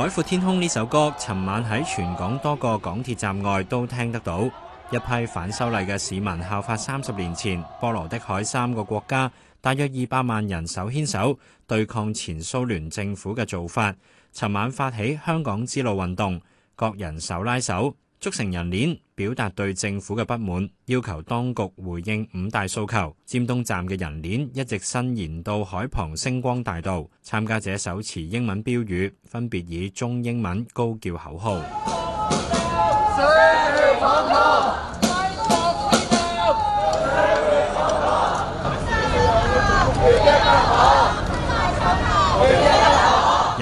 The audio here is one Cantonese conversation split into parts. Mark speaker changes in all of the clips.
Speaker 1: 《海闊天空》呢首歌，尋晚喺全港多個港鐵站外都聽得到。一批反修例嘅市民效法三十年前波羅的海三個國家，大約二百萬人手牽手對抗前蘇聯政府嘅做法。尋晚發起香港之路運動，各人手拉手。築成人鏈，表達對政府嘅不滿，要求當局回應五大訴求。尖東站嘅人鏈一直伸延到海旁星光大道，參加者手持英文標語，分別以中英文高叫口號。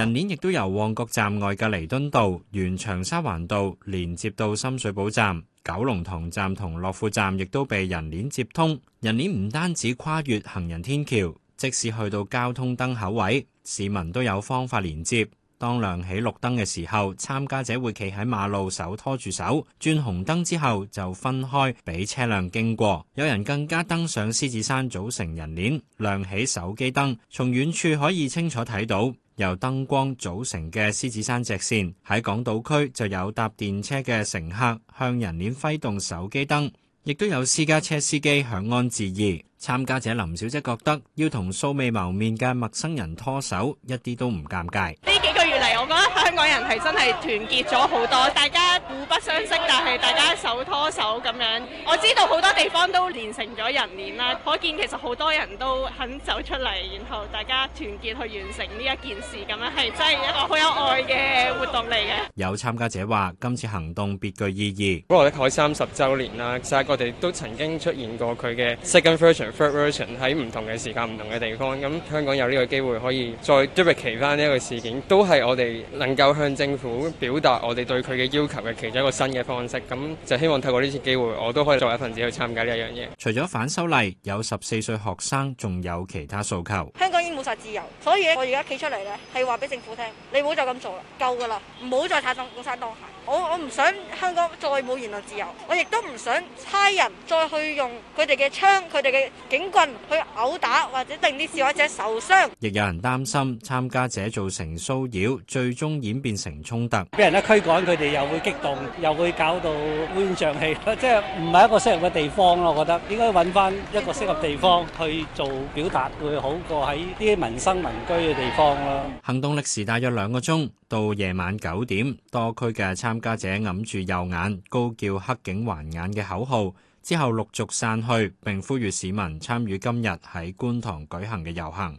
Speaker 1: 人鏈亦都由旺角站外嘅彌敦道，沿長沙灣道連接到深水埗站，九龍塘站同樂富站，亦都被人鏈接通。人鏈唔單止跨越行人天橋，即使去到交通燈口位，市民都有方法連接。當亮起綠燈嘅時候，參加者會企喺馬路手拖住手，轉紅燈之後就分開，俾車輛經過。有人更加登上獅子山組成人鏈，亮起手機燈，從遠處可以清楚睇到。由燈光組成嘅獅子山脊線喺港島區就有搭電車嘅乘客向人鏈揮動手機燈，亦都有私家車司機響安致意。參加者林小姐覺得要同素未謀面嘅陌生人拖手，一啲都唔尷尬。呢幾個月嚟，我覺得。香港人係真係團結咗好多，大家互不相識，但係大家手拖手咁樣。我知道好多地方都連成咗人鏈啦，可見其實好多人都肯走出嚟，然後大家團結去完成呢一件事，咁樣係真係一個好有愛嘅活動嚟嘅。有參加者話：今次行動別具意義，「波羅的海」三十週年啦，其實我哋都曾經出現過佢嘅 second version、third version，喺唔同嘅時間、唔同嘅地方。咁香港有呢個機會可以再 duplicate 翻呢一個事件，都係我哋能。有向政府表達我哋對佢嘅要求嘅其中一個新嘅方式，咁就希望透過呢次機會，我都可以作為一份子去參加呢一樣嘢。除咗反修例，有十四歲學生，仲有其他訴求。香港已經冇晒自由，所以咧，我而家企出嚟咧，係話俾政府聽，你唔好再咁做啦，夠㗎啦，唔好再插東，山。」好我我唔想香港再冇言論自由，我亦都唔想差人再去用佢哋嘅槍、佢哋嘅警棍去毆打，或者令啲示威者受傷。亦有人擔心參加者造成騷擾，最終演變成衝突。俾人一驅趕，佢哋又會激動，又會搞到烏煙瘴氣，即係唔係一個適合嘅地方咯？我覺得應該揾翻一個適合地方去做表達，會好過喺啲民生民居嘅地方咯。行動歷時大約兩個鐘，到夜晚九點，多區嘅參參加者揞住右眼，高叫「黑警還眼」嘅口號，之後陸續散去，並呼籲市民參與今日喺觀塘舉行嘅遊行。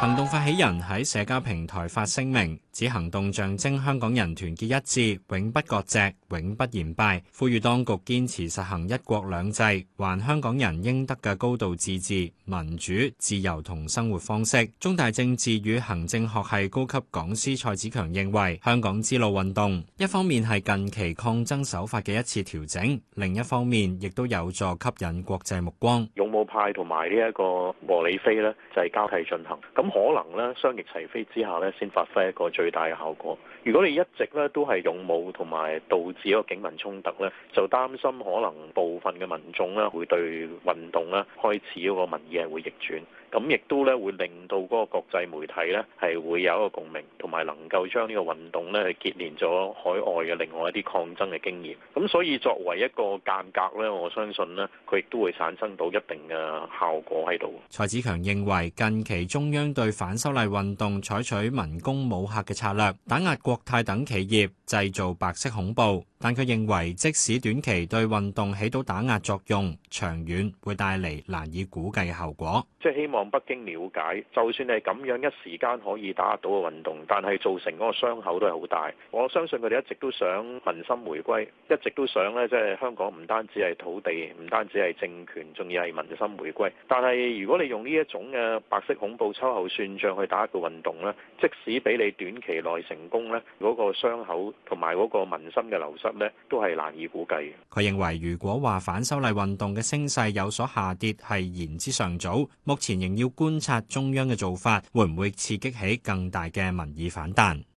Speaker 1: 行動發起人喺社交平台發聲明，指行動象徵香港人團結一致，永不割席，永不言敗，呼籲當局堅持實行一國兩制，還香港人應得嘅高度自治、民主、自由同生活方式。中大政治與行政學系高級講師蔡子強認為，香港之路運動一方面係近期抗爭手法嘅一次調整，另一方面亦都有助吸引國際目光。
Speaker 2: 派同埋呢一個和理非咧，就係交替進行。咁可能咧雙翼齊飛之下咧，先發揮一個最大嘅效果。如果你一直咧都係勇武同埋導致一個警民衝突咧，就擔心可能部分嘅民眾咧會對運動咧開始嗰個民意係會逆轉。咁亦都咧會令到嗰個國際媒體咧係會有一個共鳴，同埋能夠將呢個運動咧結連咗海外嘅另外一啲抗爭嘅經驗。咁所以作為一個間隔咧，我相信咧佢亦都會產生到一定。嘅效果喺度。
Speaker 1: 蔡子強認為近期中央對反修例運動採取文攻武嚇嘅策略，打壓國泰等企業，製造白色恐怖。但佢認為，即使短期對運動起到打壓作用，長遠會帶嚟難以估計嘅後果。即
Speaker 2: 係希望北京了解，就算你係咁樣一時間可以打壓到嘅運動，但係造成嗰個傷口都係好大。我相信佢哋一直都想民心回歸，一直都想咧，即係香港唔單止係土地，唔單止係政權，仲要係民心回歸。但係如果你用呢一種嘅白色恐怖、秋後算賬去打一個運動咧，即使俾你短期內成功咧，嗰個傷口同埋嗰個民心嘅流失，都係難以估計。
Speaker 1: 佢認為，如果話反修例運動嘅聲勢有所下跌，係言之尚早。目前仍要觀察中央嘅做法，會唔會刺激起更大嘅民意反彈。